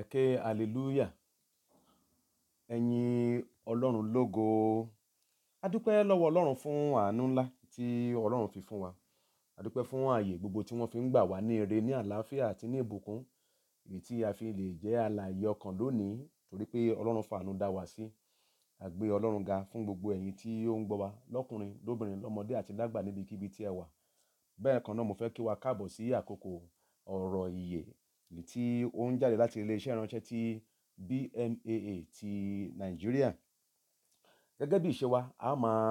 ẹ̀kẹ́ hallelúyà ẹ̀yin ọlọ́run lógo adúpẹ́ lọ́wọ́ ọlọ́run fún àánú ńlá tí ọlọ́run fi fún wa adúpẹ́ fún ààyè gbogbo tí wọ́n fi ń gbà wá ní ire ní àlàáfíà àti ní ìbùkún èyí tí a fi lè jẹ́ alààyè ọkàn lónìí torí pé ọlọ́run fàánú dá wa sí àgbé ọlọ́run ga fún gbogbo ẹ̀yin tí ó ń gbọ́ wa lọ́kùnrin lóbìnrin lọ́mọdé àti lágbà níbikíbi tí ẹ wà bẹ́ẹ̀ kan náà mo fẹ́ kí wa káàbọ̀ sí àkókò ọ̀rọ̀ ìyè èyí tí ó ń jáde láti ilé iṣẹ́ ìránṣẹ́ ti BMAA ti Nàìjíríà. Gẹ́gẹ́ bí ìṣe a máa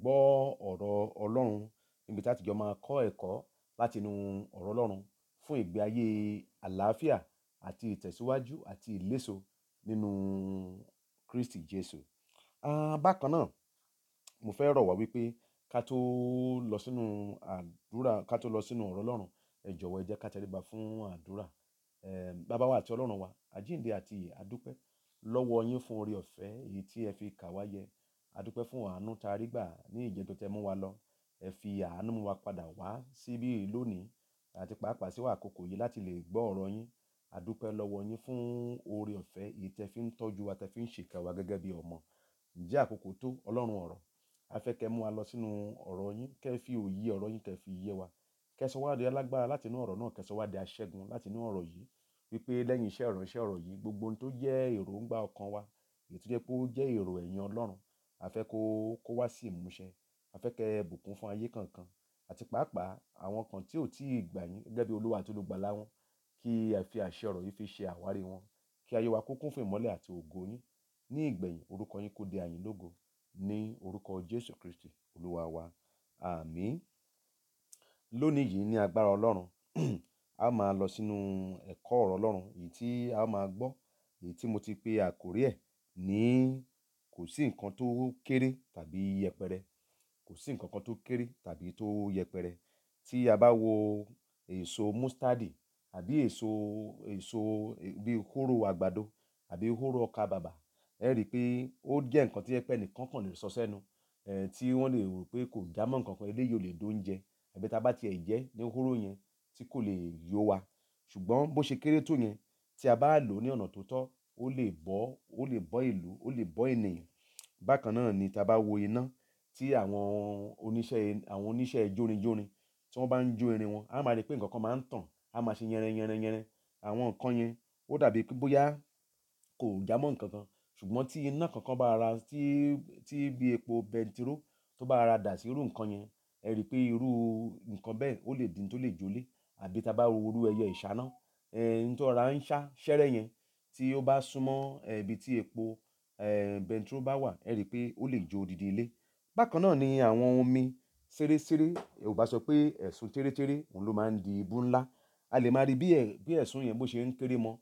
gbọ́ ọ̀rọ̀ Ọlọ́run níbi tí a ti jọ máa kọ́ ẹ̀kọ́ láti inú ọ̀rọ̀ Ọlọ́run fún ìgbé ayé àlàáfíà àti ìtẹ̀síwájú àti ìléso nínú Kristi Jesu. Ah, bákan náà, mo fẹ́ rọ̀ wá wípé ká tó lọ sínú àdúrà, ká tó lọ sínú ọ̀rọ̀ Ọlọ́run, ẹ jọ̀wọ́ ẹ jẹ́ ká tẹríba fún àdúrà bàbá wa àti ọlọ́run wa àjíǹde àti ìyè adúpẹ́ lọ́wọ́ yín fún oore ọ̀fẹ́ èyí tí ẹ fi kà wá yẹ adúpẹ́ fún àánú tá a rí gbà ní ìjẹ́jọ́ tẹ mú wa lọ ẹ fi àánú wa padà wá síbí lónìí àti pàápàá síwá àkókò yìí láti lè gbọ́ ọ̀rọ̀ yín adúpẹ́ lọ́wọ́ yín fún oore ọ̀fẹ́ èyí tẹ fi ń tọ́jú wa tẹ fi ń ṣèkà wa gẹ́gẹ́ bí ọmọ ǹjẹ́ àkókò tó ọlọ́run ọ̀rọ̀ afẹ́kẹ́ mú wa lọ sínú ọ̀rọ̀ yín kẹ́ fi òye ọ̀rọ̀ yín kẹ́ fi yé wa kẹsọwádìí alágbára láti inú ọ̀rọ̀ náà kẹsọwádìí aṣẹ́gun láti inú ọ̀rọ̀ yìí wípé lẹ́yìn iṣẹ́ ìránṣẹ́ ọ̀rọ̀ yìí gbogbo ohun tó jẹ́ èròǹgbà ọkàn wa èyí tó jẹ́ pé ó jẹ́ èrò ẹ̀yìn ọlọ́run àfẹ́ kó kó wá sí ìmúṣẹ àfẹ́ kẹ bùkún fún ayé kankan àti pàápàá àwọn kan tí ò tí ì gbà yín gẹ́gẹ́ bí olúwa àti olùgbàlà wọn kí ẹ fi àṣẹ ọ̀rọ̀ yìí fi ṣe àwárí wọn kí ayé wa kó kún fún ìmọ́lẹ̀ àti ògo yín ní ìgbẹ̀yìn orúkọ yín kó di àyìn lógo ní orúkọ jésù kristi olúwa wa àmín Lónìí yìí ní agbára Ọlọ́run, a máa lọ sínú ẹ̀kọ́ ọ̀rọ̀ Ọlọ́run èyí tí a ó máa gbọ́, èyí tí mo ti pe àkórí ẹ̀ ní kò sí nǹkan tó kéré tàbí yẹpẹrẹ. Kò sí nǹkan kan tó kéré tàbí tó yẹpẹrẹ. Tí a bá wo èso mústádì àbí èso, èso bíi hóró àgbàdo àbí hóró ọkà bàbà, ẹ rí i pé ó jẹ́ nǹkan tí ẹ pé ẹnìkan kan lè sọ sẹ́nu, tí wọ́n lè rò pé kò jámọ́ nǹkan kan, eléyìí ò lè d'oúnjẹ àbí tá a bá tiẹ̀ jẹ ní hóró yẹn tí kò lè yó wa ṣùgbọ́n bó ṣe kéré tó yẹn tí a bá lò ó ní ọ̀nà tó tọ́ ó lè bọ́ ó lè bọ́ ìlú ó lè bọ́ ènìyàn bákan náà ni tá a bá wo iná tí àwọn oníṣẹ́ àwọn oníṣẹ́ jórinjórin tí wọ́n bá ń jó irin wọn a máa rí pé nǹkan kan máa ń tàn a máa ṣe yẹrin yẹrin yẹrin àwọn nǹkan yẹn ó dàbí pé bóyá kò jámọ́ nǹkan kan ṣùgbọ́n tí iná kankan bá ara tí tí bí epo bẹntiró tó bá ara dà sí irú nǹkan yẹn ẹ rí i pé irú nǹkan bẹ́ẹ̀ ó lè di n tó lè jólé àbí tá a bá wo irú ìṣáná n ń ṣá ṣẹ́rẹ́ yẹn tí ó bá súnmọ́ ibi tí epo bẹntiró bá wà ẹ rí i pé ó lè jó odidi ilé bákan náà ni àwọn omi ṣéréṣéré ò bá sọ pé ẹ̀sùn térétéré òun ló máa ń di ibú ńlá a lè máa rí bí ẹ̀sùn yẹn bó ṣe ń kéré mọ́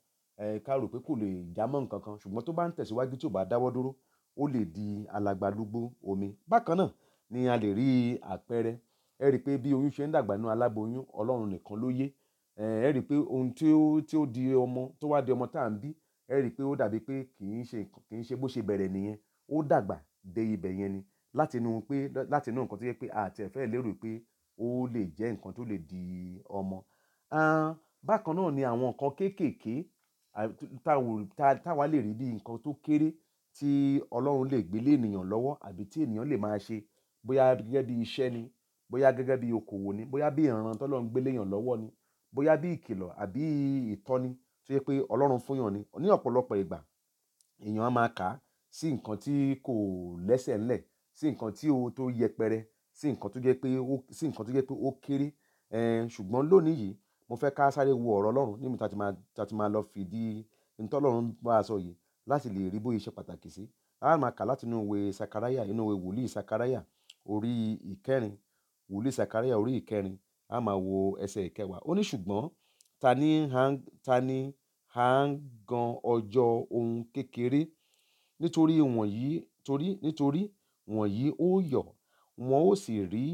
ká rò pé kò lè já mọ́ nǹkan kan ṣùgbọ́n tó bá ń tẹ̀síwájú tí ò bá dáwọ́ dúró ó lè di alàgbàlúgbú omi bákan náà ni a lè rí àpẹẹrẹ. Ẹ rí pé bí oyún ṣe ń dàgbà nínú aláboyún, Ọlọ́run nìkan ló yé. Ẹ rí pé ohun tí ó, tí ó di ọmọ, tó wá di ọmọ tá ń bí, ẹ rí pé ó dàbí pé kì ṣe nǹkan, ṣe bó ṣe bẹ̀rẹ̀ nìyẹn. Ó dàgbà dé ibẹ̀ yẹn ni. Láti inú pé, láti inú nǹkan tó jẹ́ pé a ti fẹ́ lérò pé ó lè jẹ́ nǹkan tó lè di ọmọ. bákan náà ni àwọn nǹkan kéékèèké táwa lè rí bí nǹkan tó kéré tí Ọlọ́run lè gbé lé ènìyàn lọ́wọ́ àbí tí ènìyàn lè máa ṣe bóyá gẹ́gẹ́ bí iṣẹ́ ni bóyá gẹ́gẹ́ bí okòwò ni bóyá bí ìran tí Ọlọ́run gbé léyàn lọ́wọ́ ni bóyá bí ìkìlọ̀ àbí ìtọ́ni tó yẹ pé Ọlọ́run fún yàn ni ní ọ̀pọ̀lọpọ̀ ìgbà èèyàn á máa kà á sí nǹkan tí kò lẹ́sẹ̀ ńlẹ̀ sí nǹkan tí ó tó yẹpẹrẹ sí nǹkan tó jẹ́ pé ó sí nǹkan tó jẹ́ pé ó kéré ṣùgbọ́n lónìí yìí mo fẹ́ ká sáré wo ọ̀rọ̀ Ọlọ́run níbi tá a ti máa lọ fìdí ntọ́lọ́run bá a sọ yìí láti lè rí bóyá iṣẹ́ pàtàkì sí a máa kà látinú ìwé Sakaraya inú ìwé wòlíì Sakaraya orí ìkẹrin wòlíì Sakaria orí ìkẹrin a máa wo ẹsẹ̀ ìkẹwàá ó ní ṣùgbọ́n ta ni à ń ta ni à ń gan ọjọ́ ohun kékeré nítorí wọ̀nyí torí nítorí wọ̀nyí ó yọ̀ wọn ó sì rí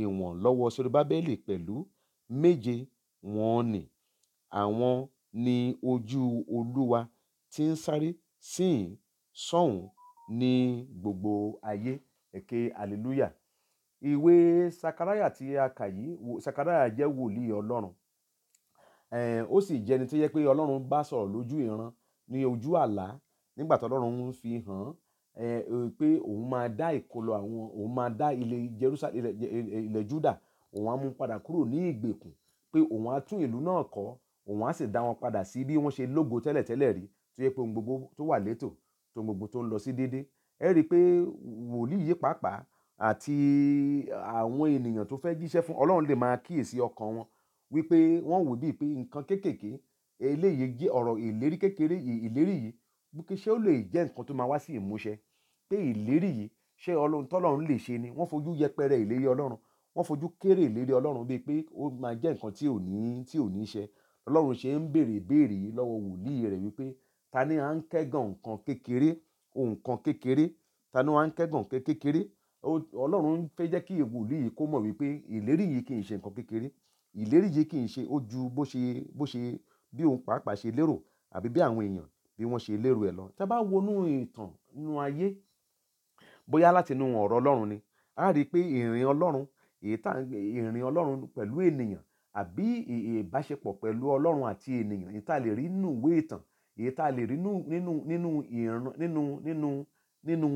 ìwọ̀n lọ́wọ́ Serubbábẹ́lì pẹ̀lú méje wọn nì àwọn ni ojú Olúwa ti ń sáré síhìn sọ́hùn ní gbogbo ayé ẹ ké hallelujah ìwé sakaraya tí a kà yìí sakaraya jẹ́ wòlíì ọlọ́run ó sì jẹ́ni tó yẹ pé ọlọ́run bá sọ̀rọ̀ lójú ìran ní ojú àlá nígbà tó ọlọ́run ń fi hàn án pé òun máa dá ìkọlù àwọn òun máa dá ilẹ̀ Jerusalem ilẹ̀ Juda òun á mú padà kúrò ní ìgbèkùn pé òun á tún ìlú náà kọ́ òun á sì dá wọn padà sí bí wọ́n ṣe lógo tẹ́lẹ̀tẹ́lẹ̀ rí tó yẹ pé ohun gbogbo tó wà létò tó ohun gbogbo tó ń lọ sí déédéé ẹ rí i pé wòlíì yìí pàápàá àti àwọn ènìyàn tó fẹ́ jíṣẹ́ fún ọlọ́run lè máa kíyèsí ọkàn wọn wípé wọ́n wò bíi pé nǹkan kéékèèké eléyìí jẹ́ ọ̀rọ̀ ìlérí kékeré ìlérí yìí wípé ṣé ó lè jẹ́ nǹkan tó máa wá sí ìmúṣẹ pé ìlérí yìí ṣé ọlọ́run tọ́lọ́run lè ṣe ni wọ́n fojú yẹpẹrẹ ìlérí ọlọ́run wọ́n fojú kéré ìlérí ọlọ́run bíi pé ó máa jẹ́ nǹkan tí ò ní tí ò ní ṣe ọlọ́run ṣe ń béèrè ìbéèrè yìí lọ́wọ́ wòlíì rẹ̀ wípé ta ni à ń kẹ́gàn nǹkan kékeré nǹkan kékeré ta ni wọ́n á ń kẹ́gàn kékeré ọlọ́run fẹ́ jẹ́ kí wòlíì yìí kó mọ̀ wípé ìlérí yìí kì í ṣe nǹkan kékeré ìlérí yìí kì í ṣe ó ju bó ṣe bó ṣe bí òun pàápàá ṣe lérò àbí bí àwọn èèyàn bí wọ́n ṣe lérò ẹ̀ lọ tá bá wọnú ìtàn inú ayé bóyá láti inú ọ̀rọ̀ ọlọ́run ni a rí i pé ìrìn ọlọ́run ìrìn ọlọ́run pẹ̀lú ènìyàn àbí ìbáṣepọ̀ pẹ̀lú ọlọ́run àti ènìyàn ìta lè rí nínú ìtàn èyí tá a lè rí nínú nínú ìran nínú nínú nínú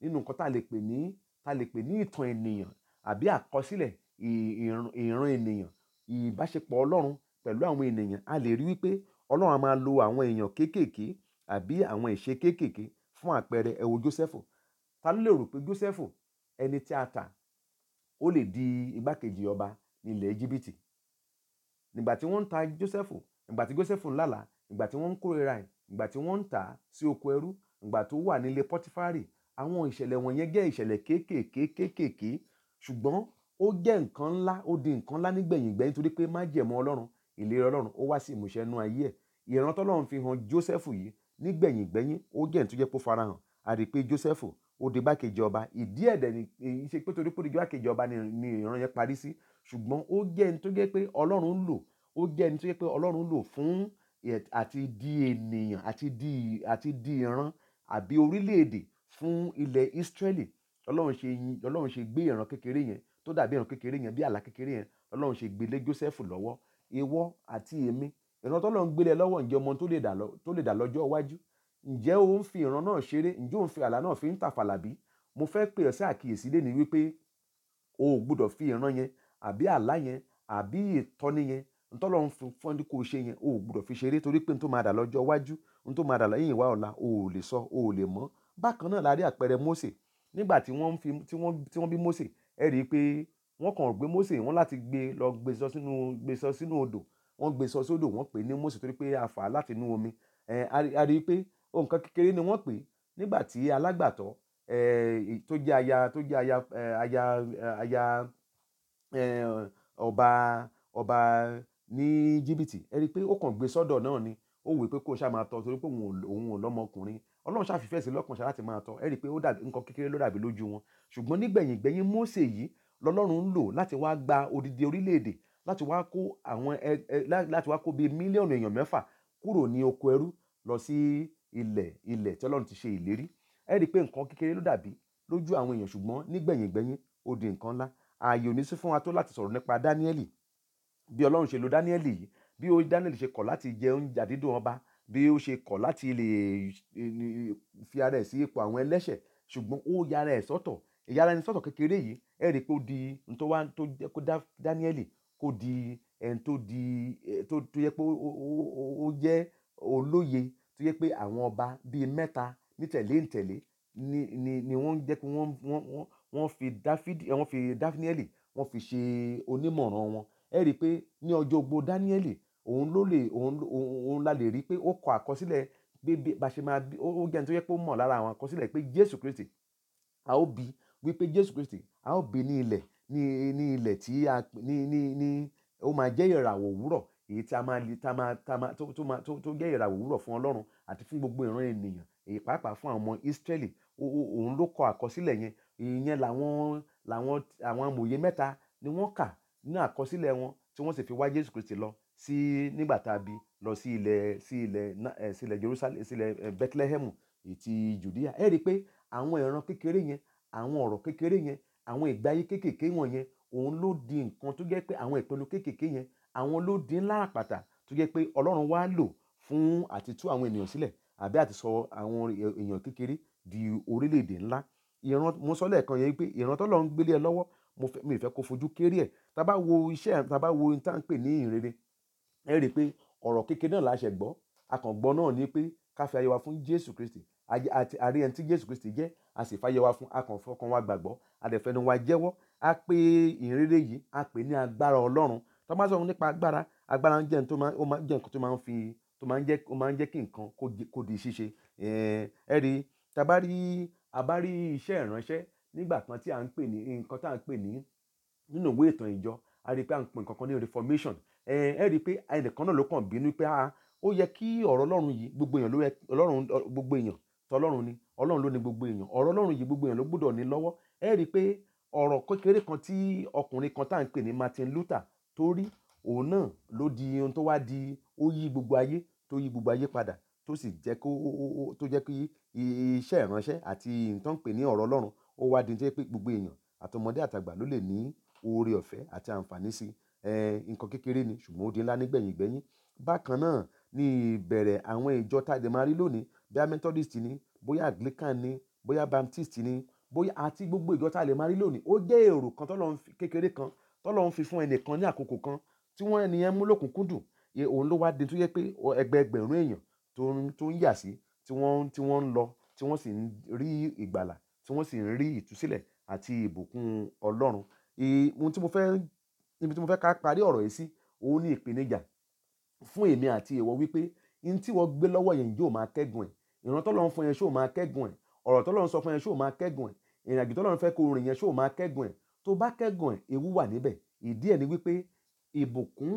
nínú nǹkan tá a lè pè ní tá a lè pè ní ìtàn ènìyàn àbí àkọsílẹ̀ ìran ènìyàn ìbáṣepọ̀ ọlọ́run pẹ̀lú àwọn ènìyàn a lè rí wípé ọlọ́run a máa lo àwọn èèyàn kéékèèké àbí àwọn ìṣe kéékèèké fún àpẹẹrẹ ẹ wo Jósẹ́fù ta ló lè rò pé Jósẹ́fù ẹni tí a tà ó lè di igbákejì ọba nílẹ̀ Íjíbítì nígbà tí wọ́n ń ta Jósẹ́fù nígbà tí Jósẹ́fù ń lálàá ìgbà tí wọ́n ń kórìíra ẹ̀ ìgbà tí wọ́n ń tà á sí oko ẹrú ìgbà tó wà nílé pọtifárì àwọn ìṣẹ̀lẹ̀ wọ̀nyẹn jẹ́ ìṣẹ̀lẹ̀ kéékèèké kéékèèké ṣùgbọ́n ó jẹ́ nǹkan ńlá ó di nǹkan ńlá nígbẹ̀yìn gbẹ́yìn torí pé májẹ̀mú ọlọ́run ìlérí ọlọ́run ó wá sí ìmúṣẹ nú ayé ẹ̀ ìran tọ́lọ́run fi hàn Jósẹ́fù yìí nígbẹ̀yìn gbẹ́yìn ó jẹ́ ìtújẹ́ pé farahàn a pé Jósẹ́fù ó di bákejì ọba ìdí ẹ̀dẹ̀ ni ṣe pé torí pé ó di bákejì ọba ni ìran yẹn parí sí ṣùgbọ́n ó jẹ́ ẹni tó jẹ́ pé ọlọ́run lò ó jẹ́ ẹni tó pé ọlọ́run lò fún àti di ènìyàn àti di àti di ìran àbí orílẹ̀-èdè fún ilẹ̀ Ísírẹ́lì lọ́lọ́run ṣe lọ́lọ́run ṣe gbé ìran kékeré yẹn tó dàbí ìran kékeré yẹn bí àlá kékeré yẹn lọ́lọ́run ṣe gbélé Jósẹ́fù lọ́wọ́ ìwọ àti èmi ìran tọ́lọ́run gbélé lọ́wọ́ ǹjẹ́ ọmọ tó lè dà lọ́jọ́ iwájú ǹjẹ́ o ń fi ìran náà ṣeré ǹjẹ́ o ń fi àlá náà fi ń tàfàlà bí mo fẹ́ pè ọ́ sí àkíyèsí lé wípé o ò gbúdọ̀ fi ìran yẹn àbí àlá yẹn àbí ìtọ́ni yẹn ntọ́lọ́ ń fún ẹni kó o ṣe yẹn o ò gbúdọ̀ fi ṣeré torí pé n tó máa dà lọ́jọ́ iwájú n tó máa dà lẹ́yìn ìwà ọ̀la o ò lè sọ o ò lè mọ̀ bákan náà la rí àpẹẹrẹ Mósè nígbà tí wọ́n fi tí wọ́n tí wọ́n bí Mósè ẹ rí i pé wọ́n kàn gbé Mósè wọ́n láti gbé lọ gbé sọ sínú gbé sọ sínú odò wọ́n gbé sọ sódò wọ́n pè ní Mósè torí pé a fà á láti inú omi ẹ a rí i pé nǹkan kékeré ni wọ́n pè nígbà tí alágbàtọ́ ẹ tó jẹ́ aya tó jẹ́ aya aya aya ọba ọba ní jìbìtì ẹ rí i pé ó kàn gbé sọ́dọ̀ náà ni ó wèé pé kó ṣáà máa tọ́ torí pé òun ò lọ́mọkùnrin ọlọ́run ṣàfihàn sí lọ́kàn ṣá láti máa tọ́ ẹ rí i pé ó dàbí nǹkan kékeré ló dàbí lójú wọn ṣùgbọ́n nígbẹ̀yìn gbẹ̀yìn Mósè yìí lọ́lọ́run ń lò láti wá gba odidi orílẹ̀-èdè láti wá kó àwọn ẹ ẹ láti wá kó bíi mílíọ̀nù èèyàn mẹ́fà kúrò ní oko ẹrú lọ sí ilẹ̀ ilẹ̀ tí ọlọ́run ti ṣe ìlérí ẹ rí i pé nǹkan kékeré ló dàbí lójú àwọn èèyàn ṣùgbọ́n nígbẹ̀yìn gbẹ̀yìn ó di nǹkan ńlá ààyè ò ní sí fún wa tó láti sọ̀rọ̀ nípa Dáníẹ́lì bí ọlọ́run ṣe lo dáníẹ́lì yìí bí ó dáníẹ́lì ṣe kọ̀ láti jẹ oúnjẹ àdídùn ọba bí ó ṣe kọ̀ láti lè fi ara ẹ̀ sí ipò àwọn ẹlẹ́ṣẹ̀ ṣùgbọ́n ó yára ẹ̀ sọ́tọ̀ ìyára ẹni sọ́tọ̀ kékeré yìí ẹ rí i pé ó di tó wá tó jẹ́ kó dáníẹ́lì kó di ẹni tó di tó yẹ pé ó jẹ́ olóye tó yẹ pé àwọn ọba bíi mẹ́ta nítẹ̀lé ntẹ̀lé ni ni ni wọ́n jẹ́ pé wọ́n wọ́n wọ́n fi dáfídì wọ́n fi dáfídì wọ́n fi ṣe onímọ̀ràn wọn ẹ rí i pé ní ọjọ́ ogbó Dáníẹ́lì òun ló lè òun òun la lè rí i pé ó kọ àkọsílẹ̀ pé bá ṣe máa bí ó jẹ́ nítorí pé ó mọ̀ lára àwọn àkọsílẹ̀ pé Jésù Kristi a ó bí wípé Jésù Kristi a ó bí ní ilẹ̀ ní ní ilẹ̀ tí a ní ní ní ó máa jẹ́ ìràwọ̀ òwúrọ̀ èyí tí a máa lè tá máa tá máa tó tó máa tó tó jẹ́ ìràwọ̀ òwúrọ̀ fún Ọlọ́run àti fún gbogbo ìran ènìyàn èyí pàápàá fún àwọn ọmọ Ísírẹ́lì òun ló kọ àkọsílẹ̀ yẹn ìyẹn làwọn làwọn àwọn amòye mẹ́ta ni wọ́n kà ní àkọsílẹ̀ wọn tí wọ́n sì fi wá Jésù Kristi lọ sí nígbà tá a bí lọ sí ilẹ̀ sí ilẹ̀ sí ilẹ̀ Jerusalem sí ilẹ̀ Bethlehem ti Judea ẹ rí i pé àwọn ìran kékeré yẹn àwọn ọ̀rọ̀ kékeré yẹn àwọn ìgbáyé kékèké wọ̀nyẹn òun ló di nǹkan tó jẹ́ pé àwọn ìpinnu kékèké yẹn àwọn ló di ńlá àpàtà tó jẹ́ pé Ọlọ́run wá lò fún àti tú àwọn ènìyàn sílẹ̀ àbí àti sọ àwọn èèyàn kékeré di orílẹ̀-èdè ńlá ìran mo sọ lẹ́ẹ̀kan yẹn pé ìran tó lọ ń gbélé ẹ lọ́wọ́ mo fẹ́ mi ì fẹ́ kó fojú kéré ẹ̀ tá a bá wo iṣẹ́ tá a bá wo ohun tá à ń pè ní ìrere ẹ rí i pé ọ̀rọ̀ kékeré náà la ṣẹ̀ gbọ́ akàngbọ́ náà ni pé ká fi ayé wa fún Jésù Kristi àti àrí ẹni tí Jésù Kristi jẹ́ a sì fàyè wa fún akànfọkàn wa gbàgbọ́ àdẹ̀fẹ́nu wa jẹ́wọ́ a pè ìrere yìí a pè ní agbára Ọlọ́run tá a bá sọ̀rọ̀ nípa agbára agbára ń jẹ́ nǹkan tó máa ń fi tó máa ń jẹ́ ó máa ń jẹ́ kí nǹkan kó di ṣíṣe ẹ rí tá a rí a bá rí iṣẹ́ ìránṣẹ́ nígbà kan tí à ń pè ní nǹkan tá à ń pè ní nínú ìwé ìtàn ìjọ a rí i pé à ń pè nǹkan ní reformation ẹ ẹ rí i pé ẹnìkan náà ló kàn bínú pé a ah, ó yẹ kí ọ̀rọ̀ ọlọ́run yìí gbogbo èèyàn ló yẹ ọlọ́run gbogbo èèyàn tọlọ́run ni ọlọ́run ló ní gbogbo èèyàn ọ̀rọ̀ ọlọ́run yìí gbogbo èèyàn ló gbọ́dọ̀ ní lọ́wọ́ ẹ rí i pé ọ̀rọ̀ kékeré kan tí ọkùnrin kan tá à ń pè ní Martin Luther tó rí òun náà ló di ohun tó wá di ó yí gbogbo ayé tó yí gbogbo ayé padà tó sì jẹ́ kó tó jẹ́ kí iṣẹ́ ìránṣẹ́ àti nǹkan ní ọ̀rọ̀ ọlọ́run ó wá di jẹ́ pé gbogbo èèyàn àtọmọdé àtàgbà ló lè ní oore ọ̀fẹ́ àti àǹfààní sí nǹkan kékeré ni ṣùgbọ́n ó di ńlá nígbẹ̀yìn gbẹ́yìn bákan náà ní ìbẹ̀rẹ̀ àwọn ìjọ tá máa rí lónìí bóyá Methodist ni bóyá Anglican ni bóyá Baptist ni bóyá àti gbogbo ìjọ tá a lè máa rí lónìí ó jẹ́ èrò kan tọ́lọ́run kékeré kan tọ́lọ́run fi fún ẹnìkan ní àkókò kan tí wọ́n ènìyàn mú lòkùnkúndùn òun ló wá di tó yẹ pé ẹgbẹẹgbẹ̀rún èèyàn tó ń yà sí tí wọ́n ń lọ tí wọ́n sì ń rí ìgbàlà tí wọ́n sì ń rí ìtúsílẹ̀ àti ìbùkún Ọlọ́run. Ohun tí mo fẹ́, ibi tí mo fẹ́ ká parí ọ̀rọ̀ yìí sí, òun ni ìpèníjà fún èmi àti ìwọ wípé ohun tí ìwọ gbé lọ́wọ́ yẹn yóò máa kẹ́gùn ẹ̀. Ìran tó Ọlọ́run fún ẹ ṣó máa kẹ́gùn ẹ̀. Ọ̀rọ̀ tó Ọlọ́run sọ fún ẹ ṣó máa kẹ́gùn ẹ̀. Ìrìnàjò tó Ọlọ́run fẹ́ kó rìn yẹn ṣó máa kẹ́gùn ẹ̀. Tó bá kẹ́gùn ẹ̀, ewu wà níbẹ̀. Ìdí ẹ ni wípé ìbùkún,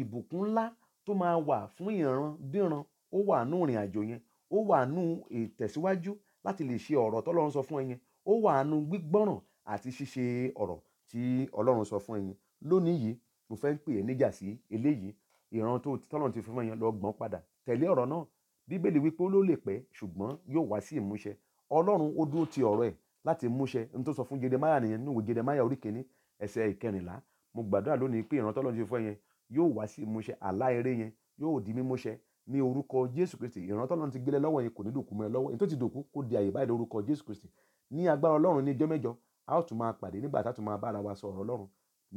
ìbùkún ńlá tó máa wà fún ìran díran ó wà nínú ìrìnàjò yẹn, ó wà nínú ìtẹ̀síwájú láti lè ṣe ọ̀rọ̀ tọ́lọ́run sọ fún ẹ yẹn ó wà nínú gbígbọ́ràn àti ṣíṣe ọ̀rọ̀ tí ọlọ́run sọ fún ẹ yẹn lónìí yìí mo fẹ́ ń pè é níjà sí eléyìí ìran tó tọ́lọ́run ti fún ẹ yẹn lọ gbọ́n padà tẹ̀lé ọ̀rọ̀ náà bíbélì wípé ó ló lè pẹ́ ṣùgbọ́n yóò wá sí ìmúṣẹ ọlọ́run ó dúró ti ọ̀rọ̀ ẹ̀ láti múṣẹ n tó sọ fún Jeremáyà nìyẹn nínú ìwé Jeremáyà orí kìíní ẹsẹ̀ ìkẹrìnlá mo gbàdúrà lónìí pé ìran tọ́lọ́run ti fún ẹ yóò wá sí ìmúṣẹ àlá yẹn yóò di mímúṣẹ ní orúkọ jésù kristi ìrántọ́ ọlọ́run ti gbélé lọ́wọ́ yẹn kò ní dòkú mọ́ ẹ lọ́wọ́ èyí tó ti dòkú kó di àyè báyìí lórúkọ jésù kristi ní agbára ọlọ́run ní ijọ́ mẹ́jọ a ó tún máa pàdé nígbà tá a tún máa bá ara wa sọ ọ̀rọ̀ ọlọ́run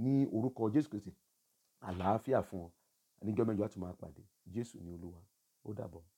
ní orúkọ jésù kristi àlàáfíà fún ọ ní ijọ́ mẹ́jọ a tún máa pàdé jésù ní olúwa ó dàbọ̀.